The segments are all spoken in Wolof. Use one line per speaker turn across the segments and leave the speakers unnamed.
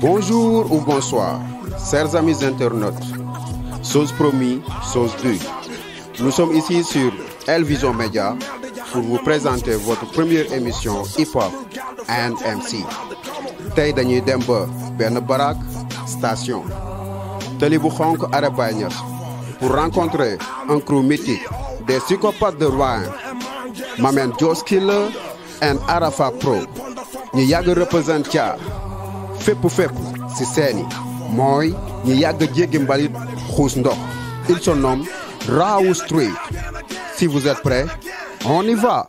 Bonjour ou bonsoir, chers amis internautes. Sauce promis, sauce due. Nous sommes ici sur Elvision Media pour vous présenter votre première émission Hip Hop and MC. dañuy dem barak station Talibou Khonk pour rencontrer un crew mythique des psychopathes de Rouen, Mamen Joss Killer and Arafa Pro. ñu yàgg représente ca fépp fépp ci seeni Moi, ñu qui jéggi mbalit xuus ndox il se nomme Raoult Street si vous êtes prêts on y va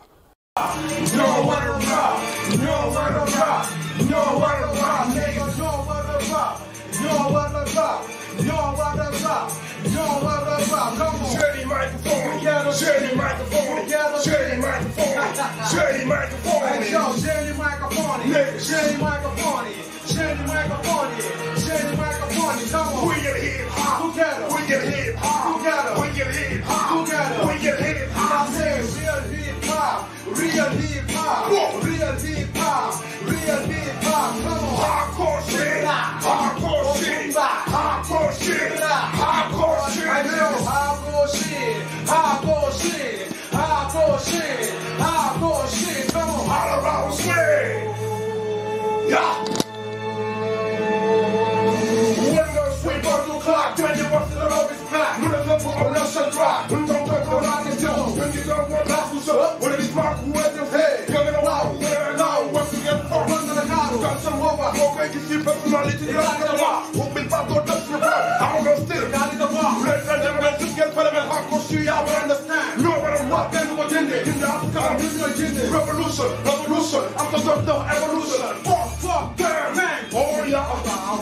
Jenny Microphone. Hey, yo, Jenny Microphone. Niggas. Jenny Microphone. Jenny Microphone. Jenny Microphone. Come on. We get hip hop. Who got We get hip hop. Who got We get hip hop. Who got We get hip hop. I said real hip hop. Real hip hop. Real hip hop. Real hip hop. Come on. Hardcore shit. Hardcore shit. Hardcore shit. Hardcore shit. Hardcore
shit. Hardcore shit. Hardcore shit.
on us and dry. Put your pepper on the jaw. When you don't want to who's up, when it is mark who has your head. You're gonna wow, we're now. Once again, for run to the car. Got some over. Okay, you see personality, you're not gonna wow. Whoop it, pop, don't touch the bar. I'm gonna steal. Got it, the bar. Let's let them get this get for them and hardcore shit, y'all will understand. No matter what, then we're in there. In the Africa, I'm in the agenda. Revolution, revolution. I'm the no evolution. Fuck, fuck, damn, man. Oh, yeah,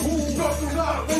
who does not?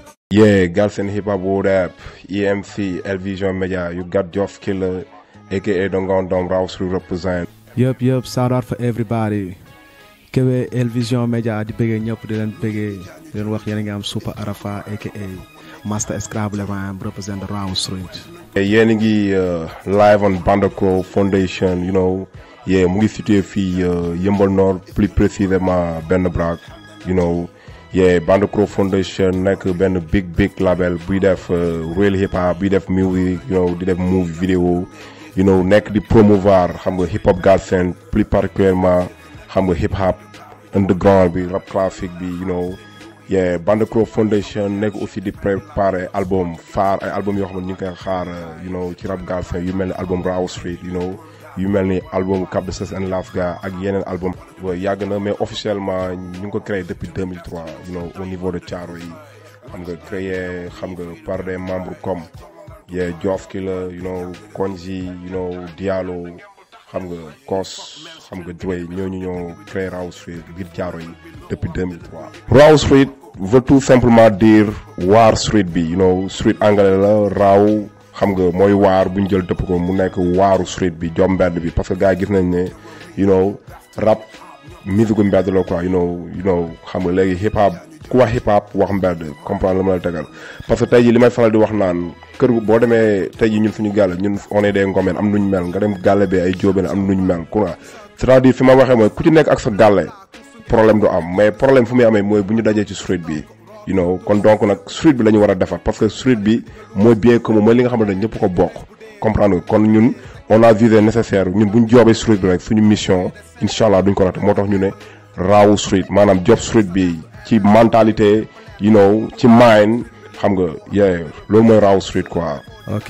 Yeah, Galsen Hip Hop World App, EMC, Elvision Media, you got Joff Killer, aka Dongon Dom Rouse
everybody. Kewe Elvision Media di bëggee ñëpp di leen bëggee di leen wax yéen ngi am Super Arafa aka Master Scrabble man represent Rouse Street.
yéen a ngi uh, live on Bandako Foundation you mu ngi situé fii uh, Yëmbal Nord plus précisément Benn Baraak you yeah Bandcrow Foundation nekk benn big big label buy def uh, real hip hop buy def music you know di def movie vidéo you know nekk di promouvoir xam nga hip hop galsen plus particulièrement xam nga hip hop underground bi rap classique bi you know yeah Bandcrow Foundation nekk aussi di préparer album phare ay album yoo xam ne ñu ngi koy xaar uh, you know ci rap galsen yu mel ni album Raw Street you know yu mel album Kabda and Laugh ga ak yeneen album yàgg na mais officiellement ñu ngi ko créé depuis 2003 you know au niveau de Thiaro yi xam nga créé xam nga par des membres comme yeah Diof ki la you know Konji you know Diallo xam nga Kos xam nga Dway ñooñu ñoo créé Raw Street biir Thiaro yi depuis 2003 Raw Street veut tout simplement dire waar street bi you know street anglais la Raw xam nga mooy waar bu ñu jël dëpp ko mu nekk waaru street bi jom mbedd bi parce que yi gis nañ ne you know rab musique mbedd la quoi you know you know xam nga léegi hip hop ku wax hip hop wax mbedd comprendre la parce que tey jii li may di wax naan kër boo demee tey jii ñun suñu gàll ñun on est des ngomeen am nuñ mel nga dem gàlle bi ay jóobeen am nuñ mel quoi c'est-à-dire fi ma waxee mooy ku ci nekk ak sa gàlle problème du am mais problème fu muy amee mooy bu ñu dajee ci street bi. you know kon donc nag street bi lañu war a defar parce que street bi mooy bien commun mooy li nga xam ne ñëpp ko bokk comprendre kon ñun on a visé nécessaire ñun bu ñu joobee street bi rek suñu mission incha allah duñ ko raté moo tax ñu ne raawu street maanaam job street bi ci mentalité you know ci mind xam nga yee loolu mooy raawu street quoi. ok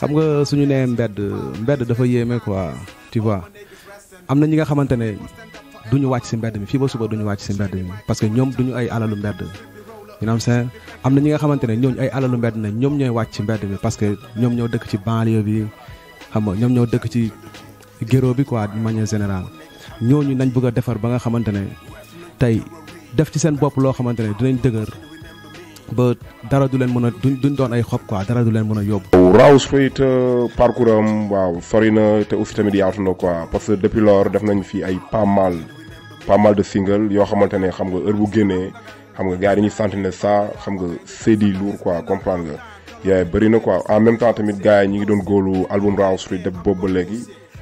xam nga suñu nee mbedd mbedd dafa yéeme quoi tu vois am na ñi nga xamante ne du ñu wàcc si mbedd mi fii ba suba du ñu wàcc si mbedd mi parce que ñoom du ñu ay alalu mbedd am na ñi nga xamante ne ñooñu ay alalu na ñoom ñooy wàcc ci mbedd mi parce que ñoom ñoo dëkk ci banlieue bi xam nga ñoom ñoo dëkk ci géro bi quoi de manière générale ñooñu nañ bëgg a defar ba nga xamante ne tey def ci seen bopp loo xamante ne dinañ dëgër ba dara du leen mën a duñ doon ay xob quoi dara du leen mën a yóbbu.
Raous Faye te parcours am waaw sori na te aussi tamit yaatu na quoi parce que depuis def nañ fi ay pas pas mal de singles Yo xamantene xam nga heure bu ont xam nga gars yi très ça xam nga c'est du quoi comprendre nga. na quoi en même temps tamit gars yi ngi doon album Raw Street de boobu ba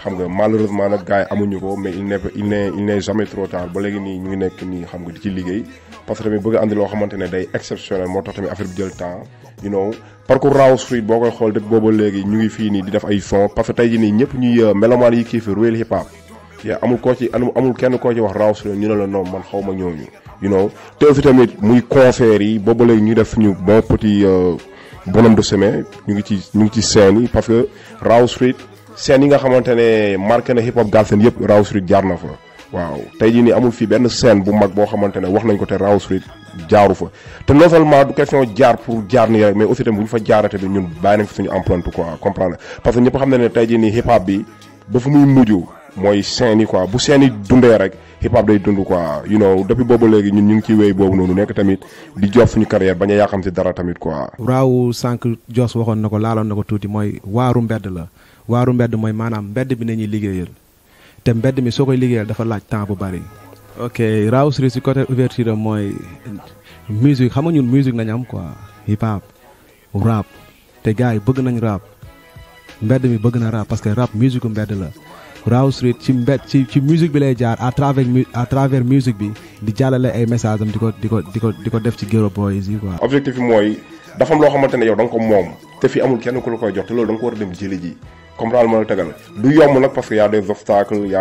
xam nga malheureusement nag gars yi amuñu ko mais il n'est il n'est il n'est jamais trop tard ba ni ñu nekk ni xam nga di liggéey. parce que tamit bëgg andi lo xamantene day exceptionnel mo tax tamit affaire jël temps you know parcours Raw Street bokoy xol de def boobu ñu ngi qui ont di def ay parce que ñuy euh, yi Hip Hop. ci amul koo ci amul kenn koo ci wax raw su ñu ne la non man xaw ma ñooñu you know teew tamit muy concert yi boobu léegi ñu def suñu bon petit euh, bonhomme de semaine ñu ngi ci ñu ngi ci scène yi parce que Raw Street scène yi nga xamante ne marqué na hip hop Galsen yëpp Raw Street jaar na fa waaw tey ji nii amul fi benn scène bu mag boo xamante ne wax nañ ko te Raw Street jaaru fa te non seulement du question jaar pour jaar nii rek mais aussi tamit bu ñu fa jaarate ñun bàyyi suñu empreinte quoi comprendre parce que ñëpp xam na ne tey jii nii hip hop bi ba fu muy mujj. mooy scène yi quoi bu scène dundee rek hip hop day dund quoi you know depuis boobu léegi ñun ñu ngi ci wéy boobu noonu nekk tamit di jox suñu carrière bañ a yàqam si dara tamit quoi.
raawu sànq Jos waxoon na ko laaloon na ko tuuti mooy waaru mbedd la waaru mbedd mooy maanaam mbedd bi nañuy liggéeyal te mbedd mi soo koy liggéeyal dafa laaj bu bari. ok raawu Sri si côté ouverture am mooy musique xam nga ñun musique nañ am quoi hip hop te gars yi bëgg nañ rap mbedd mi bëgg na rap parce que rap musique mbedd la. Raw Street ci mbet ci ci musique bi lay jaar à travers à bi di jàllale ay message am di ko di ko di ko di ko def ci Ghetto Boys yi quoi.
objectif bi mooy dafa am loo xamante ne yow da ko moom te fi amul kenn ku lu koy jox te loolu da nga ko war a dem jëli ji comprendre ma la tegal du yomb nag parce que y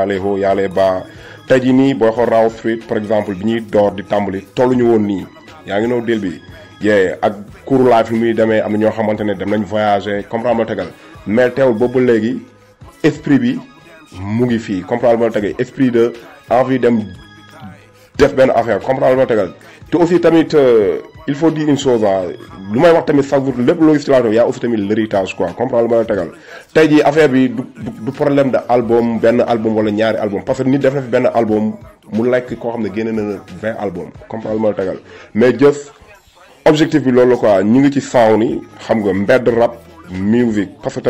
a jii nii boo xool Raw Street par exemple bi ñuy door di tàmbali ñu woon nii yaa ngi noonu dél bi yee ak cours life muy demee am na ñoo xamante ne dem nañ voyager comprendre ma la tegal mais teewul boobu léegi esprit bi. mu ngi comprendre esprit de envie dem def affaire comprendre aussi tamit euh, il faut dire une chose ah lu wax tamit chaque aussi l'héritage quoi comprendre affaire du problème de album album wala parce que nit def album mu album comprendre mais objectif quoi ngi ci ni rap musique parce que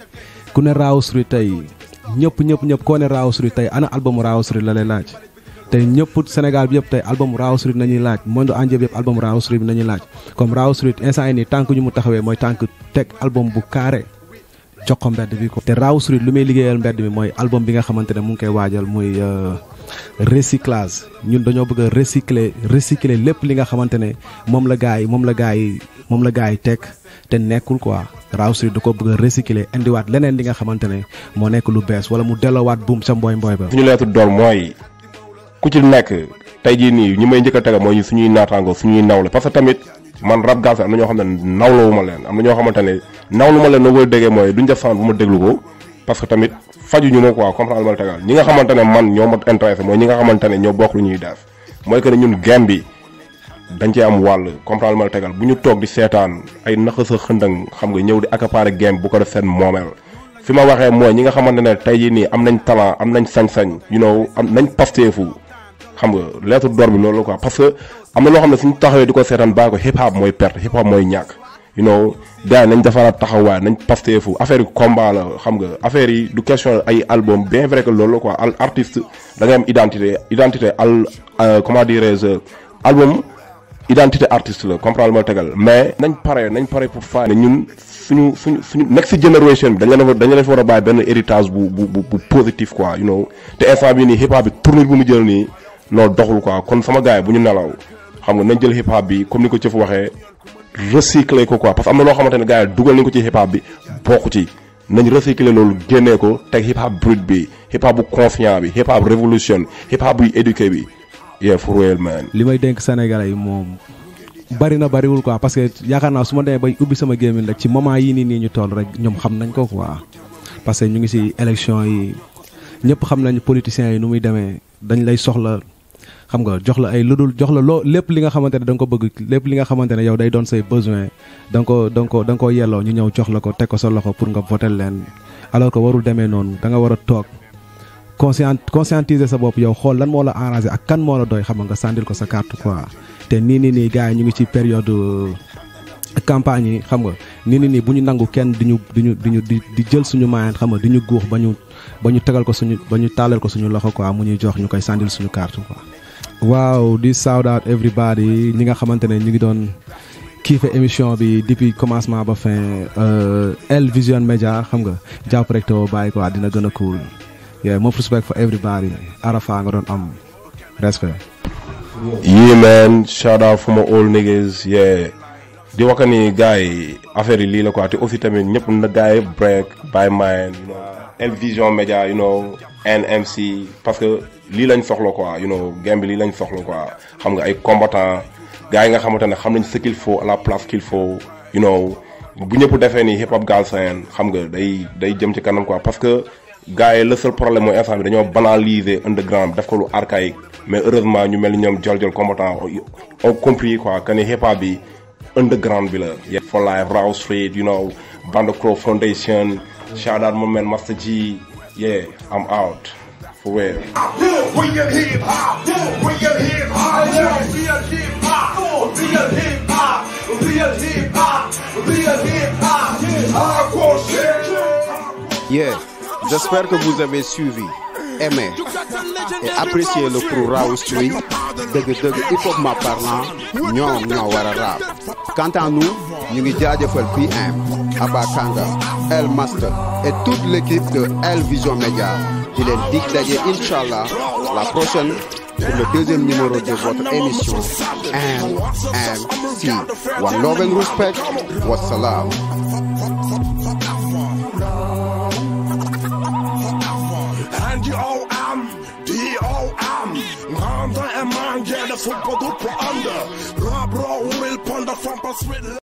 ku ne Raoussoury tey ñëpp ñëpp ñëpp koo ne Raoussoury tey ana albumu Raoussoury la lay laaj tey ñëpp Sénégal bi yëpp tey albumu Raoussoury nañuy laaj monde entier bi yëpp albumu Raoussoury bi nañuy laaj comme Raoussoury instant yi nii tànk ñu mu taxawee mooy tànk teg album bu carré jox ko mbedd bi ko te Raoussoury lu muy liggéeyal mbedd mi mooy album bi nga xamante ne mu ngi koy waajal muy euh, recyclage ñun dañoo bëgg a recycler lépp li nga xamante ne moom la gars yi moom la gars yi moom la gars yi teg te nekkul quoi Raw Street da ko bëgg a indiwaat leneen li nga xamante ne moo nekk lu bees wala mu delloowaat buum sa
mbooy mbooy ba. fi ñu leetu door mooy ku ci nekk tey jii nii ñi may njëkk a tega mooy suñuy naataango suñuy nawle parce que tamit. man rab gaas am na ñoo xam ne nawlawuma leen am na ñoo xamante ne nawlu ma leen na koy déggee mooy duñ def ma déglu ko parce que tamit fajuñu ma quoi comprendre ma la tegal ñi nga xamante ne man ñoo ma intéressé mooy ñi nga xamante ne ñoo bokk lu ñuy def mooy que ne ñun game bi dañ cee am wàll comprendre ma tegal bu ñu toog di seetaan ay naqa sa xëndang xam nga ñëw di accaparer game bu ko def seen moomeel fi ma waxee mooy ñi nga xamante ne tey jii nii am nañ talent am nañ sañ-sañ you know am nañ pasteefu xam nga lettre d'or bi loolu quoi parce que am na loo xam ne suñu taxawee ko seetaan baa ko hip hop mooy mooy ñàkk you know gars yi nañ defaraat taxawaay nañ pasteefu affaire yi combat la xam nga affaire yi du question ay album bien vrai que loolu la al artist da ngay am identité identité al euh, comment dirais-je album identité artiste la comprendre ma tegal mais nañ pare nañ pare pour fay ne ñun ñu suñu suñu next generation bi dañ leen dañ leen war a bàyyi benn héritage bu bu bu positif quoi you know te instant bi nii hip hop bi tournure bu mu jël nii non doxul quoi kon sama gars yi bu ñu nelaw xam nga nañ jël hip hop comme ni ko cëf waxee. recycler ko quoi parce que am na loo xamante ne gars yi dugal nañ ko ci hip hop bi bokku ci nañ recycler loolu génnee ko teg hip hop brut bi hip hop bu confiant bi hip hop révolution hip hop buy éduqué bi yeah for real man. li may denk Sénégalais
yi moom bari na bariwul quoi parce que yaakaar naa su ma demee bay ubbi sama gémmiñ rek ci moment yi nii nii ñu toll rek ñoom xam nañ ko quoi parce que ñu ngi si élection yi ñëpp xam nañ politiciens yi nu muy demee dañ lay soxla. xam nga jox la ay ludul jox la lepp li nga xamantene dang ko bëgg lepp li nga xamantene yow day doon say besoin da ko dang ko dang ko yello ñu ñew jox la ko tek ko sa loxo pour nga voter len alors que warul démé non da nga wara tok conscient conscientiser sa bop yow xol lan mo la arranger ak kan mo la doy xam nga sandil ko sa carte quoi te ni nii ni gaay ñu ngi ci période euh, campagne xam nga ni ni ni buñu kenn di diñu di di jël suñu maayaan xam nga diñu ñu bañu bañu tégal ko suñu bañu talal ko suñu loxo quoi mu ñuy jox ñukay sandil suñu carte quoi waaw di shout out everybody ñi nga xamante ne ñu ngi doon kiife émission bi depuis commencement ba fin El euh, Vision Média xam nga jàpp rek too bàyyi quoi dina gën a cool yeah respect for everybody Arafa nga doon am
respect. yeah man shout out for my all niggas yeah di wax ni gars yi affaire yi lii la quoi te aussi tamit ñëpp na gars yi break by mind El Vision Média NMC parce que lii lañ soxla quoi you know game bi lii lañ soxla quoi xam nga ay combattant gars yi nga xamante ne xam nañ ce qu'il faut à la place qu'il faut you know bu ñëpp defee ni hip hop Galsen xam nga day day jëm ci kanam quoi parce que gars yi le seul problème mooy instant bi dañoo banaliser underground def ko lu archaïque mais heureusement ñu mel ni ñoom jol jol combattant ont compris quoi que ni hip hop bi underground bi la. for life Raw Street you know Bandcrow Foundation. Shout out my man Master Yeah, I'm out. For Yeah.
J'espère que vous avez suivi, aimé et apprécié le crew Raw Street. rap. Quant à nous, nous PM. Abakanga, El Master et toute l'équipe de El Vision Media. Je les dis d'aller, Inch'Allah, la prochaine pour le deuxième numéro de votre émission MMC. One love and respect. Wassalam.
Handen er man, yeah, that's what we do for
under. Rob, roll, will ponder from us with